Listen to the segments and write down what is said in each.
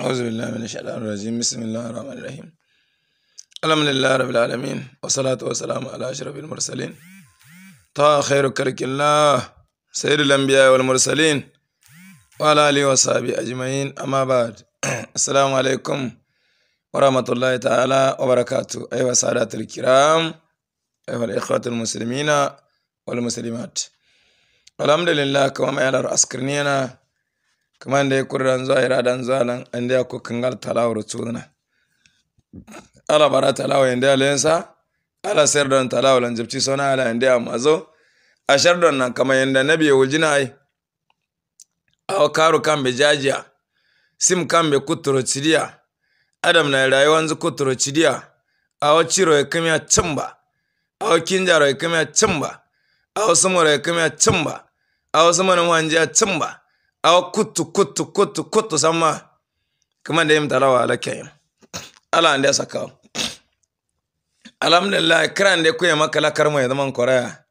أعوذ بالله من الشيطان الرجيم بسم الله الرحمن الرحيم الحمد لله رب العالمين والصلاة والسلام على أشرف المرسلين طه خير كرك الله سيد الأنبياء والمرسلين وعلى آله وصحبه أجمعين أما بعد السلام عليكم ورحمة الله تعالى وبركاته أيها السادة الكرام أيها الإخوة المسلمين والمسلمات الحمد لله كما يرى أسكرنينا kaman da kurran zuwa ira dan da ande ko kangal talawro tsudna ala bara talawo ya lensa ala don talawo lan jabci sona ala ya mazo a don nan kaman yanda nabi ya wujina ai aw karu kambe jajiya sim kambe kuturo cidiya adam na rayuwan zu kuturo cidiya aw ciro ya kamiya cimba aw kinjaro ya kamiya cimba aw sumuro ya kamiya cimba aw ya wanjiya cimba aw kutu, kutu, kutu, kutu, samma kuma da yimta lawa ala kayin ala ande saka alhamdulillah kiran da kuya makala karma ya zaman koraya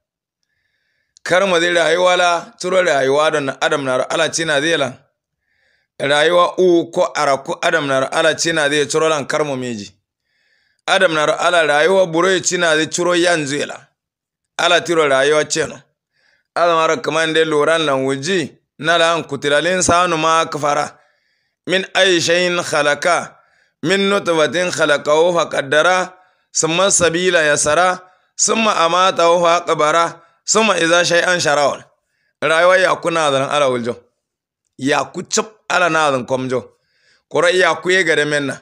karma zai rayuwa la turo rayuwa don adam na ala cina zai lan rayuwa u ko araku adam na ala cina zai turo lan karma meji adam na ala rayuwa buro cina zai turo yanzu la ala turo rayuwa ceno ala mara kamar da loran lan wuji nalan kutiralin sanuma kafara min Aisha aishayin khalaka min nutu nutfatin khalaqahu faqaddara summa sabila yasara summa amatahu faqbara summa idza shay'an sharawal rayuwa ya ku zan ala wuljo ya ku cip ala na zan komjo kura ya ku ye gare menna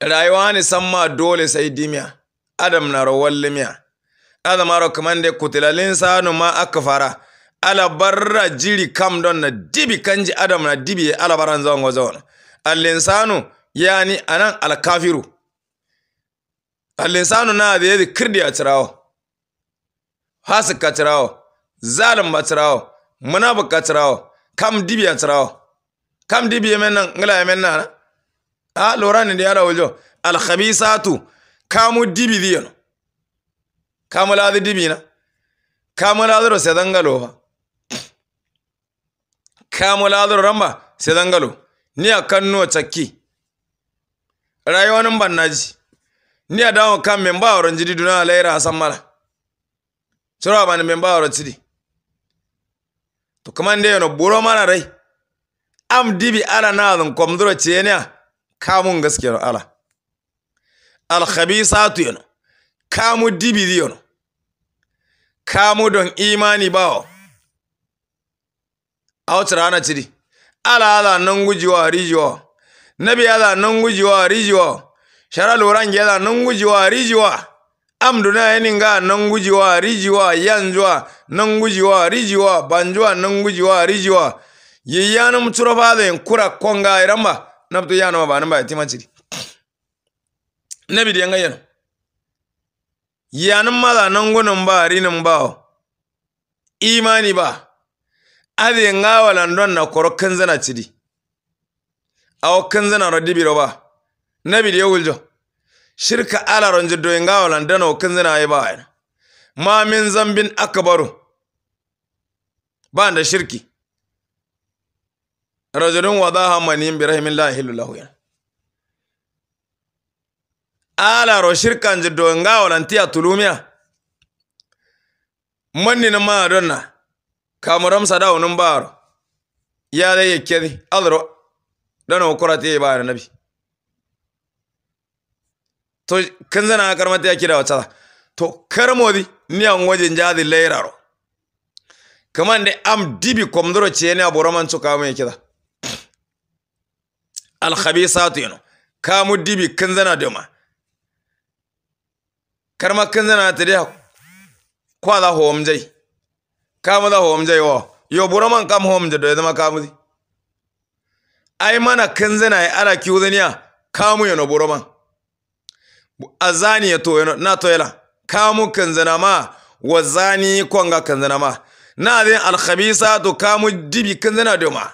rayuwa ne samma dole sai dimiya adam na rawal limiya adama ro kamande kutilalin sanu ma akfara alabarra jiri kam don na dibi kanji adam na dibi e alabaran na. zona allinsanu yani anan alkafiru allinsanu na adi yadda kirdi a tirawo hasika zalim ba munabuk munafika kam dibi a kam dibi yemen nan ngila yemen na. a lorani ne da yara wajo alkhabisatu kamu dibi diyo kamu ladi dibi na kamu ladi ro sedangalo ha ladar ramba sedangalo ni a a cakki rayuwanin bannaji ni a dawo kan men ba oron jiri duna laira hasan cewa ba ni men ba oron cidi to kuma nde yono buro mana rai am dibi ala na zan komdura a kamun gaskiyar ala al khabisatu yano kamu dibi yano. kamu don imani bawa. a wata rana tiri ala ala nan gujewa rijiwa nabi ala nan gujewa rijiwa shara loran ge ala nan gujewa rijiwa yanin ga nan gujewa rijiwa zuwa nan gujewa rijiwa banjuwa nan gujewa rijiwa yiyanum turofalen kura konga iramba nabtu yanama banamba yatima tiri nabi denga yano yanin mala nan gunin ba rinin ba imani ba abe nga walandon na koro kanzana chidi awo kanzana ro dibiro ba Nebidi ya wuljo shirka ala ronje do nga walandon o kanzana ay ba ma min zambin akbaru ba da shirki rajulun wadaha manin bi rahimillahi lahu ya ala ro shirka jiddo nga walantiya tulumiya Mwani na maa donna kamuram dawo num baro yada yekkedi adro dano e ba na nabi to kanzana karmata da wata to karmodi ni an wajin jadi lairaro kaman dai am dibi komdoro chene aboroman yake da al khabisatu yano kamu dibi kanzana doma karma kanzana tade kwala homjai kamu kamuda homjay wo yo buraman kam homje do edama kamudi ai mana kenzena e ala kiudenia kamu yono buraman azani to yono na yana kamu kenzena ma wazani konga kenzena ma na zin alkhabisa to kamu dibi kenzena do ma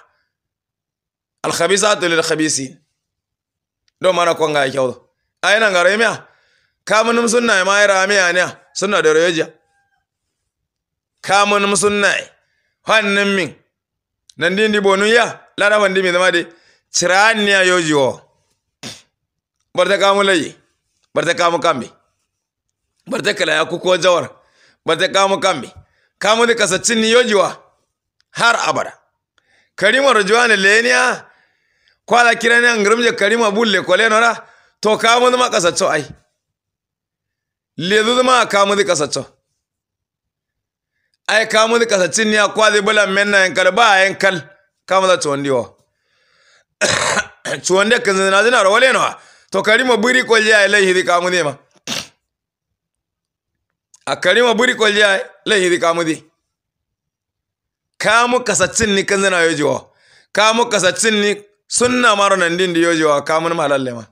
alkhabisa to lil khabisin do mana konga e kyawdo ayna ngaremiya kamu num sunna e ma ira ramiya ne sunna do rejoja kamun musunnai wannan min nan din di bonu ya lara wandi mi zama de ciran ne yo jiwo barta kamu layi barta kamu kambi barta kala ya kuko jawar barta kamu kambi kamu de kasacin ni yo har abara karima rajuwa ne leniya kwala kirani angrimje karima bulle nora to kamu ma kasacco ai lezu ma kamu de kasacco ay kamul kasacin ya kwazi bulan menna yankal ba yankal kamala tuwandi wa tuwande kan na zina rawale nawa to karima buri kwalliya ilaihi ka mu ne ma a karima buri kwalliya ilaihi ka mu ne kamu kasacin ni kan zina yojiwa kamu kasacin ni sunna maro nan din da yojiwa kamun malalle ma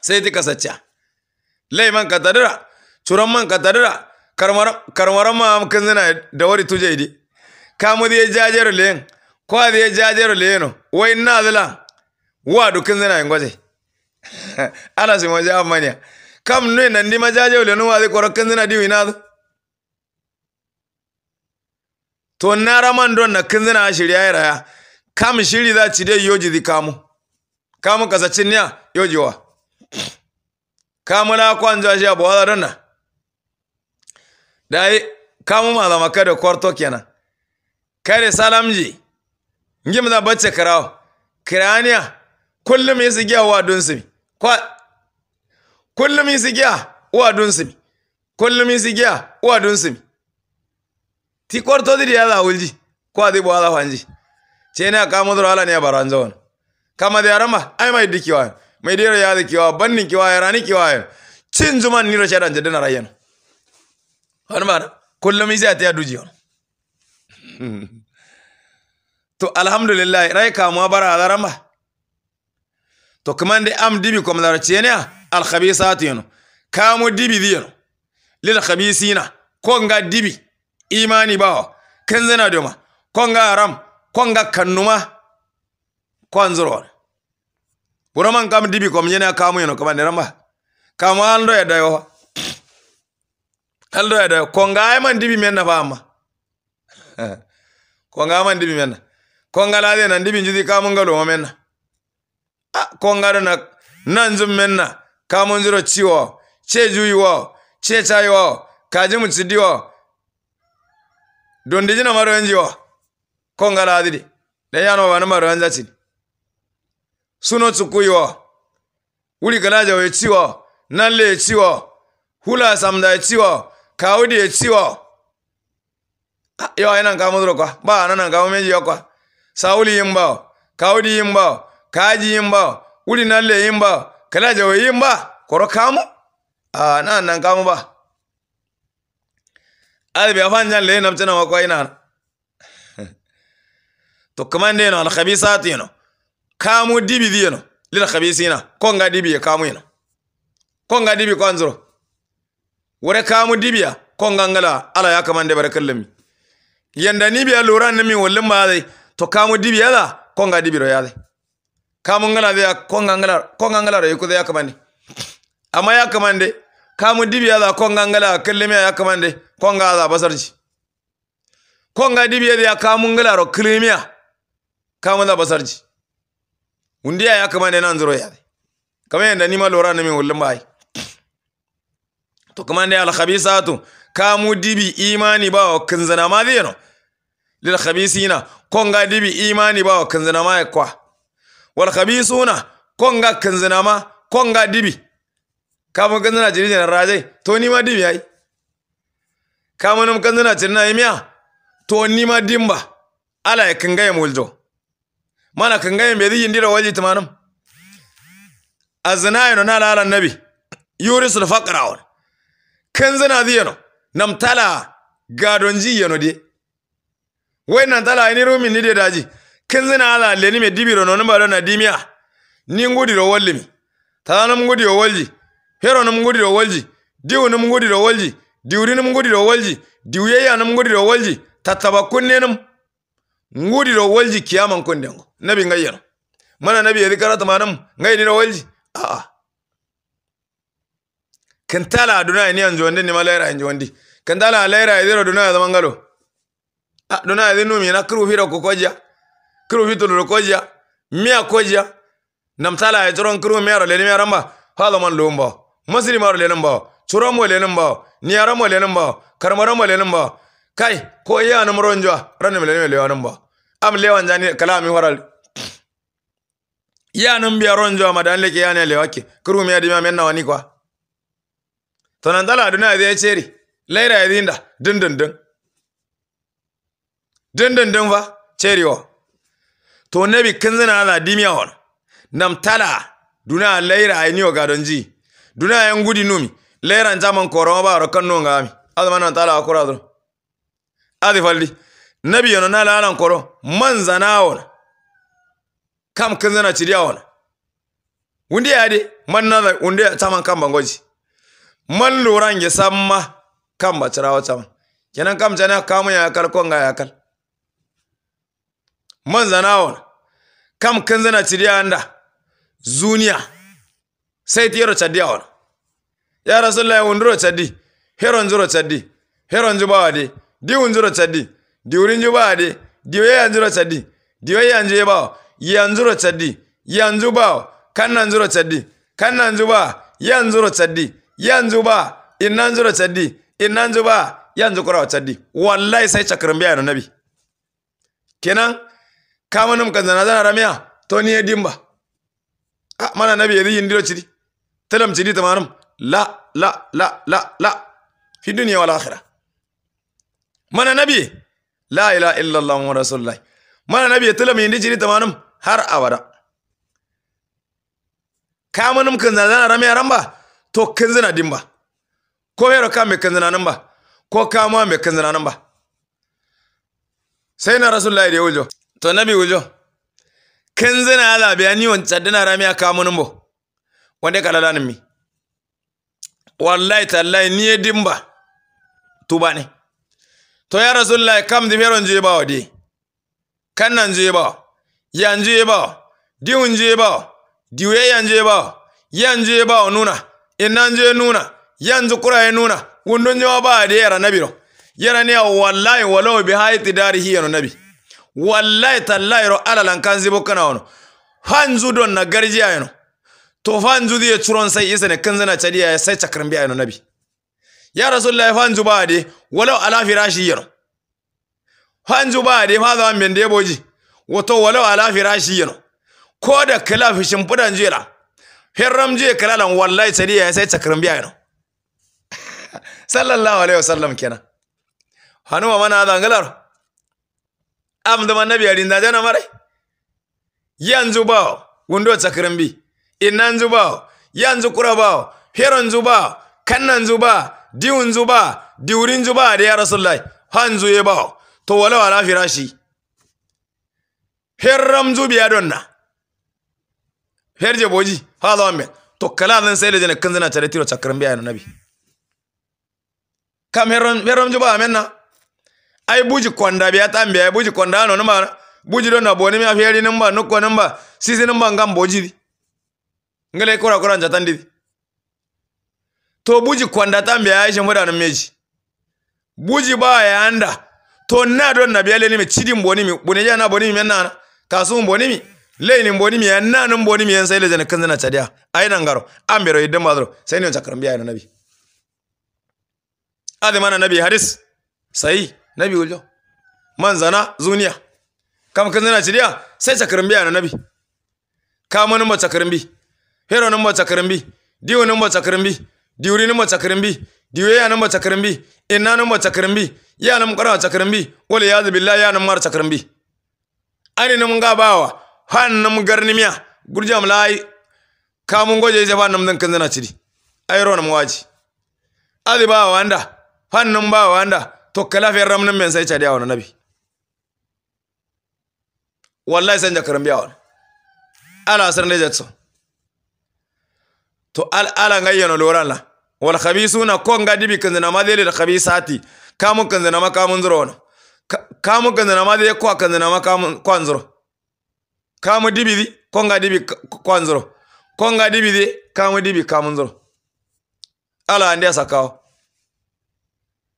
sai ti man ka katadira curan man katadira karmaram ma idi dawari tujaidi kamudi jajero len kwadi jajero leno wai wa nadla wadu kanzina ngoje ala simo ja manya kam ne nan ni jajeru leno wadi koro zina diwi nadu to raman don na kanzina shirya ya kam shiri za ci dai yoji di kamu kamu kasacin ya yojiwa kamu la kwanzo shi abuwa don na dai kamu malama kada kwarto kenan kare salamji mu da bacce karawo kiraniya kullum yi sigiya wa dunsumi kwa kullum yi sigiya wa dunsumi kullum yi sigiya wa dunsumi ti kwarto da ya za wulji kwa di bwa za fanji ce ne ka mudur ala ne baran zawon kama da yaran ai mai dikiwa mai dira ya dikiwa bannin kiwa rani kiwa cin zuman ni rashadan jaddan rayan wani ma'ana kullum sai ta yadu wani to alhamdulillah rai kamuwa bara halaran ba to kuma da am dibi kuma zarce ne alkhabisatu yano kamu dibi ziyano lil khabisina ko nga dibi imani bawa kan zana doma ko nga haram ko nga kannuma ko an wani buraman kam dibi kuma yana kamu yano kuma da ramba kamu an doya ya dayo aldo ada konga man dibi menna fama konga man dibi menna konga lade nan dibi jidi kamun galo ma menna a konga do na nan zum menna kamun ziro ciwo ce juyi wo ce cayi wo kaji mu cidi wo don dijina maro enji wo konga la di da yano wani maro yanja cidi suno tsukuyi wo wuli kalaja wo ciwo nan le ciwo hula samda ciwo kaudi etsiwo ah, yo ina nka mudro kwa ba nana nka meji yo kwa sauli yimba kaudi yimba kaji yimba uli nalle yimba kala jawo yimba koro kamu ah, a nan nan kamu ba albi afan jan le nam tana ko ina to kamande no al khabisat yino kamu dibi dino lil khabisina ko nga dibi kamu yino konga dibi ko anzuro wore kamu dibiya ko kongangala ala ya kamande barakallami yanda ni biya lura na mi wallin ma zai to kamu dibiya da konga dibiro ya zai kamu ngala da ko kongangala ra yuko da ya kamande amma ya kamande kamu dibiya da kongangala kallame ya kamande konga da basarji konga dibiya da kamu ngala ro klimiya kamu da basarji undiya ya kamande nan zuro ya dai kamar yanda ni ma lura na mi wallin ba zai to kuma ne al kamu dibi imani ba wa kanzana ma zeno lil khabisina konga dibi imani ba wa kanzana ma kwa wal khabisuna konga kanzana ma konga dibi kamu kanzana jirjin rajai to ni ma dibi yayi kamu nam kanzana jirna imiya to ni ma dimba ala ya kangaya muljo mana kangaya bai zigin ndira waje tumanum azna yana na ala nabi. yurisul faqra kenzena diyeno namtala gadonji yano di wai namtala ini rumi ni de daji kenzena ala leni me dibiro no namba na dimia ni ngudi ro wallimi talanam ngudi ro walji hero nam ngudi ro walji diwu nam ngudi ro walji diwri nam ngudi ro walji diwyeya nam ngudi ro walji tattaba kunne nam ngudi ro walji kiyaman kundengo nabi ngayeno mana nabi yedi karata manam ngaydi ro walji a'a ah. kentala aduna ni anjo ndi ni malera anjo ndi kentala alera idiro duna ya mangalo ah duna idinu mi na kru hiro kokoja kru vitu lokoja mia koja namtala ya joron kru mi ara leni mi aramba hada man lumba masri maro lenin ba curo mo lenin ba niyara mo lenin ba karmara mo lenin ba kai ko iya na muron jwa ran mi lenin lewa nan ba am lewan jani kalami horal iya nan biya madanleke leke ya ne lewake kuru mi adi mi amen kwa to nan dala aduna zai ceri laira ya zinda dindindin dindindin fa wa. to nabi zina ala dimiya hon nam tala duna laira ya niyo gadon ji duna yan gudi numi laira zaman koro ba ro kanno ngami azma nan tala akura do adi falli nabi yana na lalan koro man wa kam kinzina ciriya hon wunde de, man na wunde taman kan bangoji man luran ya samma kan bacira wata man kenan kam jana kamu ya kal kon ga ya kal man zanawon kam kan zana a anda zuniya sai tiyaro a wani. ya rasulullahi wunduro chadi heron zuro chadi heron juba wade di wunzuro chadi di wurin juba bawa di waye yanzuro chadi di waye yanje ba yanzuro chadi yanzu ba kannan zuro chadi bawa yanzu yanzuro chadi yanzu ba in nan zura caddi innan ba yanzu kurawa caddi wallahi sai cakarin biya nabi kenan kamanum kan zana zana ramiya to ni dimba a ah, mana nabi yadi indiro cidi talam cidi manum la la la la la fi duniya wal akhirah mana nabi la ila illa allah wa rasulullah mana nabi talam yindi ta manum har abada kamanum kan zana zana ramiya ramba to kanzana din ba ko hero ka mai kanzana nan ba ko kama mai kanzana nan ba sai na rasulullahi da wujo to nabi wujo kanzana ala bayani wancan dana rami aka mun bo wanda ka lalanin mi wallahi tallahi ni e din ba tuba ne to ya rasulullahi kam di hero je ba wadi kan nan je ba yan je ba diun je ba diwe yan je ba yan je ba nuna innan je nuna yanzu kura ya nuna wundun jawa ba da yara na biro. yara ne wallahi walau bi haiti hiya yano nabi wallahi tallahi ro alalan kan zibo kana wono fanzu don na garjiya yano to fanzu zai curon sai isa ne kan zana cadiya ya sai cakarin biya na nabi ya rasulullahi fanzu ba de walau ala firashi yano fanzu ba de fa zaman bende boji wato walau ala firashi yano ko da kila fishin fudan jela herram je kalalan wallahi sadiya ya sai cakarin biya no sallallahu alaihi wasallam kenan ma mana zangalar am da manabi yarin da jana mare yanzu ba gundo cakarin bi innan zuba yanzu kura ba heron zuba kannan zuba diun zuba diurin zuba da ya rasulullahi hanzu ye ba to wala wala firashi herram zubiya donna herje boji Hada wame. Tukala zin sayle jene kinzina charitiro chakrambia yana nabi. Kam heron, heron juba na Ay buji kwanda biyata ambi, ay buji kwanda ano namba. Buji do naboni miya fiyari namba, nukwa namba. Sisi namba ngam boji di. Ngele kura kura njatandi di. To buji kwanda tambi ya ishe mwada na meji. Buji ba ya anda. To nadon na biyale nime chidi mboni mi. Buneja na boni mi mena. Kasu mboni mi. Kasu mboni mi. leynin boni mi anna non boni mi en sai le jana kanzana chadia ay nan garo ambero yidde madro sai ne biya na nabi ade mana nabi hadis sai nabi uljo. Manzana zunia. zuniya kam kanzana chadia sai chakram biya na nabi kama nan chakram bi hero nan chakram bi diwo nan chakram bi diwri nan chakram bi diwe ya nan chakram bi inna nan chakram bi ya nan qara chakram bi wala ya billahi ya nan mar chakram bi ani nan bawa hannum garnimiya gurjam lai kamun goje je ba namdan kanzana ciri ayro nam waji adi ba wanda hannum ba wanda to kalafe ramnan men sai cadiya wannan nabi wallahi san sanja biya wannan ala san da jatsu to al ala ngayyano loran la wal khabisuna ko ngadi bi kanzana ma dele khabisati kamun kanzana ma kamun zuro wannan kamun kanzana ma dele ko kanzana ma kamun kwanzuro kamu dibidi konga dibi kwanzoro konga dibidi kamu dibi nzoro ala andia sakao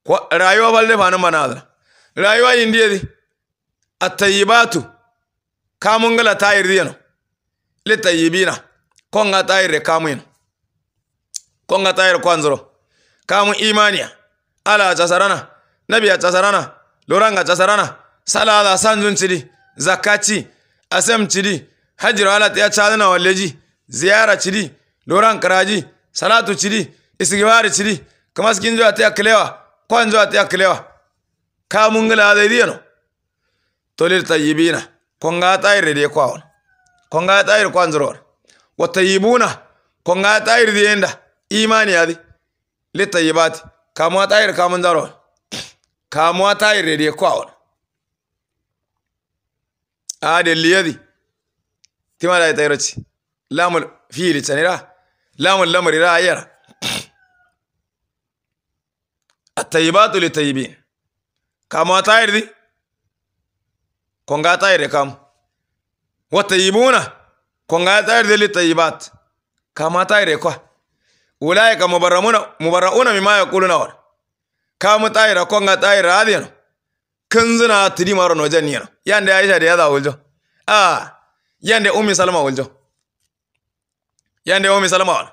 kwa rayuwa balde fana manada rayuwa indiye di atayibatu kamun gala tayir diyano li tayibina konga tayir re kamu yano. konga tayir kwanzoro kamun imaniya ala chasarana ya chasarana loranga chasarana salada sanzun chidi zakati asem chidi hajiro wala tiya chadana waleji ziyara chidi loran karaji salatu chidi isigibari chidi kamas kinjo atya klewa kwanjo atya klewa ka mungala da idiyano tolir tayyibina konga tayre de kwawon konga tayre kwanzoro wa tayyibuna konga tayre de enda imani yadi li tayyibati kamuwa tayre kamun daro kamuwa diye kwa kwawon adaliyadi tima da tayar ci lamul fili tsanira lamul lamari ra'ayar attayibatu li tayibi kamo tayar di konga tayar di kam wata yibuna konga tayar di li tayibat kamo tayar di kwa ulayaka mubarra'una mimaya kulunawar kamo tayar konga tayar adiyanu kanzuna tiri maro no janniya yande aisha da yaza wuljo ah yande ummi salma wuljo yande ummi salma wala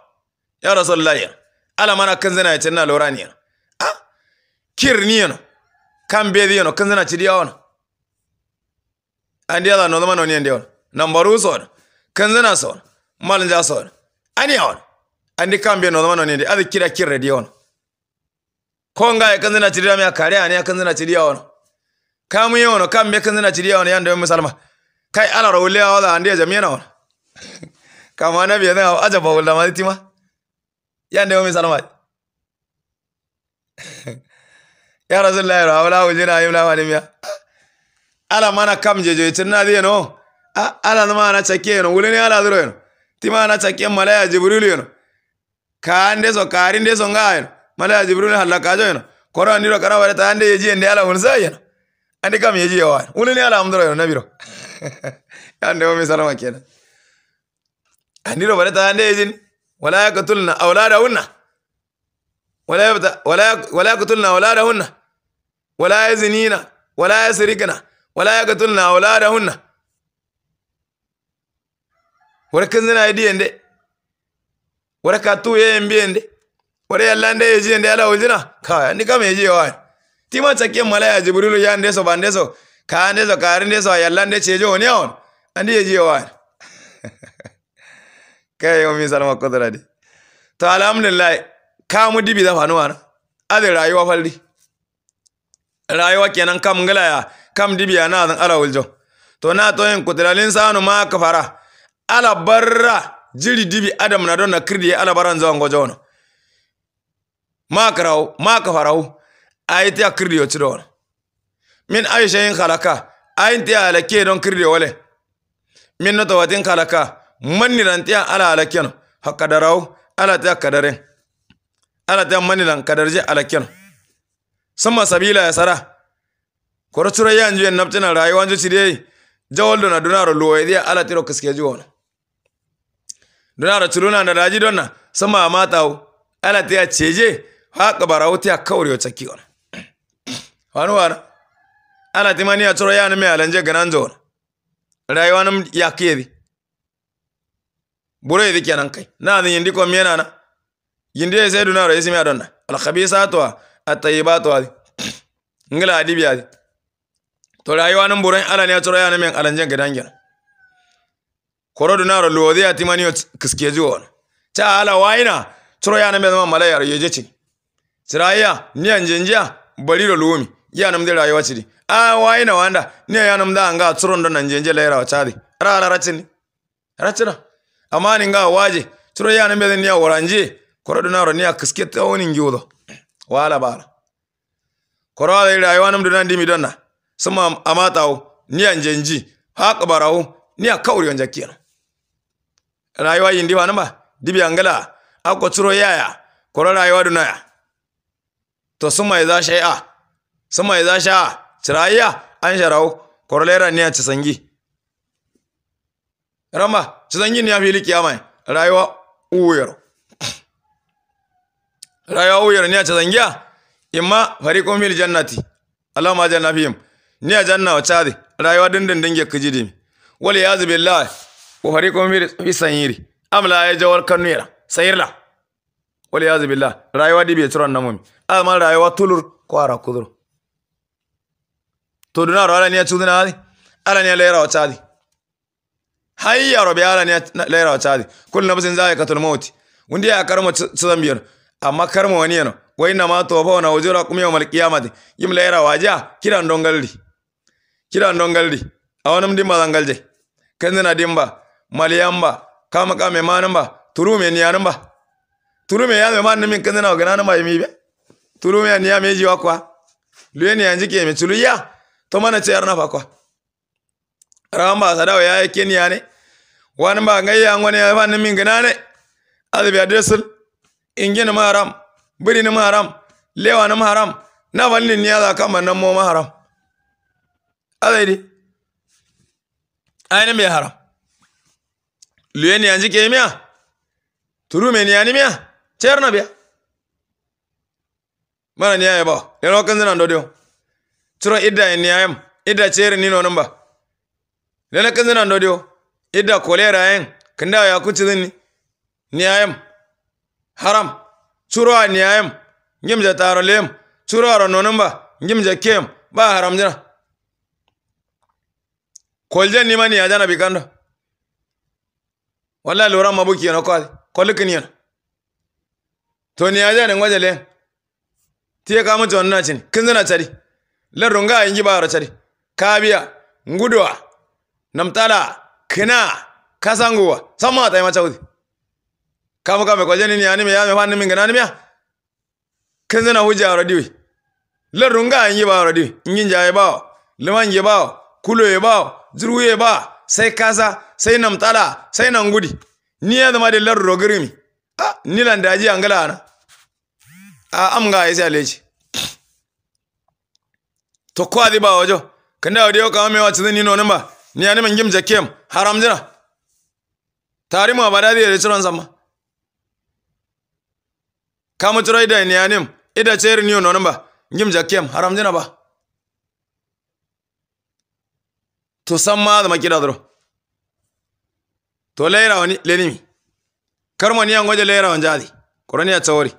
ya rasulullahi ala mana kanzuna ya tinna loraniya ah kirniya no kambediya no kanzuna tidi yawa andi yaza no zama no ni andi yawa nambaru sor kanzuna sor malanja sor ani yawa andi kambe no zama no ni andi adi kira kirre diyawa ko nga ya kanzuna tidi yawa kare ani ya kanzuna tidi yawa kamu yi wano kam mekin zina ciriya wani yadda yamma salma kai ala rawuliya wala andi ya jami'a wani kama na biya zan aja ba wala ma zitima yadda yamma salma ya na yi wula wani miya ala mana kam jejo na zai no ala nama na yano wuli ne ala duro yano tima na chakiye malaya jibrilu yano ka ka so deso so yano malaya jibrilu halakajo yano koro andiro kana da ya ji yadda ala hunsa yano ani kam yeji yawa unani ala amdoro yo nabiro yande o mi salama kenan andiro baleta ande yejin wala awlada hunna wala yabta wala wala yaqtulna awladahunna wala yazinina wala yasrikna wala awlada hunna warakan zina yadi yende waraka tu ye yembi yende wara yalla ande yeji yende ala wajina ka ni kam yeji yawa tima tsakiyan malaya jibrilu ya ndeso ba ndeso ka ndeso ka ri ndeso yalla nde chejo woni on andi ji wa kai yo mi salma kodra di to alhamdulillah ka mu dibi da fanu wana ade rayuwa falli rayuwa kenan kam ya kam dibi na zan ala wuljo to na to yin kutralin sanu ma kafara ala barra jiri dibi adam na don na kirdi ala baran zo ngojo ma karau ma kafarau ayiti a kirdiyo ci dawar min aisha yin halaka ayin tiya alake don kirdiyo wale min watin khalaka, Mani lan tiya ala Ha hakadarau ala tiya kadarin. ala tiya kadarji ala alaken sama sabila ya sara koro cura yanju yan nabtina rayuwan ju cire jawal na dunaro luwe diya ala tiro kiske ju wani dunaro chuluna da daji donna sama matau ala tiya ceje haka barau tiya yo cakki wani wani wani ana timani a tsoro ya mai alanje ganan zuwa rayuwa nan ya ke bi buru yadda kenan kai na zan yindi ko mena na yindi ya sai dunaro isi mai adon na alkhabisa tuwa ba tuwa ngila adibiya zi to rayuwa nan buru ala ne a tsoro ya mai alanje ganan gina? koro dunaro luwa zai timani kiske zuwa wani ta ala waina tsoro ya mai zama malayar yaje ce tsiraya niyan jinjiya bari da lumi yanamde rayuwa wachidi. a ah, waina wanda ne yanamda anga tsurondo na njenje lera wachadi rara ratini ratina amani nga waje tsuro yanambe ne ya waranje koroduna ro ne akiske tawoni ngiudo wala bala korala ira yawanam dona ndimi donna sama amatao ne njenji ni ya akauri onja kiyana rayuwa yindi wanamba dibi angala akwa turo yaya korala rayuwa dunaya to suma iza shay'a sima izasha ciraya ansharau korlera niya cisangi ramba cisangi ya fili kiyama rayuwa uwuyar rayuwa uyar niya cisangiya imma farikon fil jannati Allah ma janna ne a janna wa cadi. rayuwa dindindin ge kijidi wal yazu billahi wa fariqun fi sanyiri amla ya jawar kanuyara sayirla ya zube lai rayuwa dibe turan namumi amma rayuwa tulur kwara kudur to dunaro ala ni acudina adi ala ni alaira wacadi hayya robe ala ni alaira wacadi kullu nafsin za'iqatul maut wundi ya karmo tsambiyar amma karmo wani yana wa inna ma toba tawfawna ujurakum yawmal qiyamati yim laira waja Kira dongaldi kiran dongaldi awanam dimba zangalje kanzina dimba maliyamba kama kame manamba turume niyanamba turume yanwe manne min kanzina ogananamba yimibe turume niya meji wakwa luyeni yanjike mi tuluya to mana ce yar nafa kwa rawan ba sadawa ya yake ni ya ne wani ba gayya wani ya fa min gina ne azabi adresul ingin ma haram biri ni ma haram lewa ni ma haram na fannin ni ya za kan bannan mo ma haram azabi ainihin mai haram luye ni yanzu ke miya turu mai ni yani miya ciyar na biya mana ni ya yaba yana wakan zina dodo ciro idda ayam idda cere nino namba lana kanzina ndodio idda kolera yen kanda ya ni ayam haram ayam ngim ngimja taro lem ciro aro no namba ngimja kem ba haram jana kolje nima ni ajana bikando wala lura mabuki yana kwali kolikini yana to ni ajana ngwaje lem tiye kama jonna chini kinzina chari lerunga inji baro rachari kabia ngudua namtala kina kasangua samata ima chaudi kama kame kwa jeni ni anime ya mefani mingi na anime ya kenze na huja aradiwi lerronga inji baro diwi nginja ye bao limanji e bao kulo ye bao zuru ye ba sai kasa sai namtala sai nangudi ni ya zama da larro girmi a ah, nilan daji an gala na a ah, amga ya sai to ko adi ba wajo kanda wadi yo kawame wa chidini no namba ni ani mingim jakem haram jina tari mu badadi di rechron sama kamu churai ida ni ani ida cher ni no namba ngim jakem haram jina ba to samma da makira dro to leira wani lenimi karma ni angoje leira wanjadi korani ya ni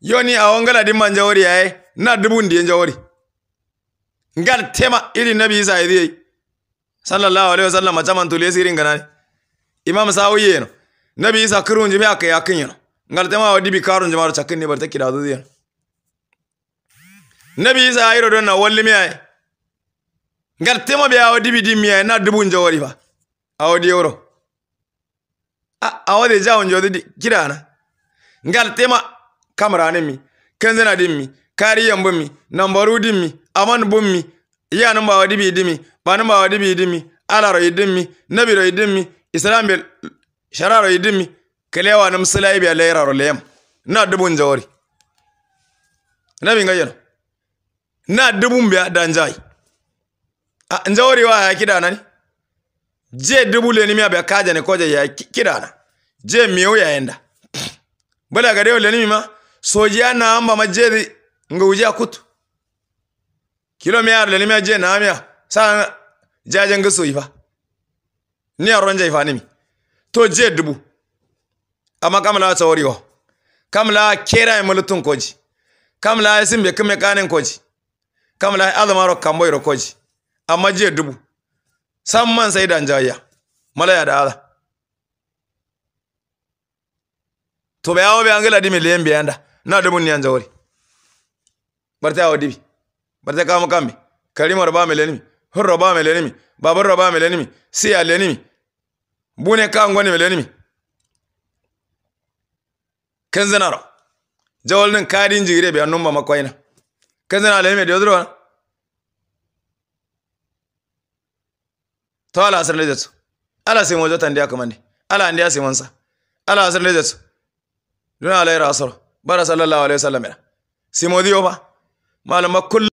yoni awangala dimanja wori yae na dubu ndiye njawari ngar tema irin nabi isa yi sallallahu alaihi wasallam jaman tule gana ne. imam sawiye no nabi isa kirun jimi aka yakin yano ngal tema wa dibi karun jama'ar chakin ne barta kidadu ziyan nabi isa ayiro don na walli miya ngal tema bi awadi bi dimiya na dubun jawari fa di euro a awade jawon jodi kidana ngal tema kamra ne mi kenzena dimmi kariyam bumi nambaru dimmi aman bummi ba bawa dibi dimi ba bawa dibi dimi alaro idimmi nabiro dimi islam bel shararo idimmi kelewa nam silai bi alayraro leyam na dubun jawari nabi ngayano na dubun biya danjai a njawari wa ya kidana ni je dubu le ni mi abya kaja ne koja ya kidana je miyo ya enda bala ga le ni ma sojiya na amba majedi nga wuji kutu kilo mi ar leni mi aje na amia sa jajen yi soifa ni aron jaifa nimi to je dubu amma kamla ta wariwa kamla kera mulutun koji kamla simbe kame kanin koji kamla azama ro kamboy ro koji amma je dubu san man sai dan jaya malaya da ala to be awo be angela dimi lembe anda na dubu ni anjawari barta wa dibi barta kama kambi kalimar ba mai lenimi hurro ba mai lenimi babar ba mai lenimi siya lenimi bune ka ngoni mai lenimi kenzenaro jawol nin kaadin jigire ma makwaina kan kenzena lenimi da yodro to ala asar lejetu ala simo jota ndiya kamandi ala ndiya mansa ala asar lejetu duna alai rasul bara sallallahu alaihi wasallam simo diyo ba malama kullum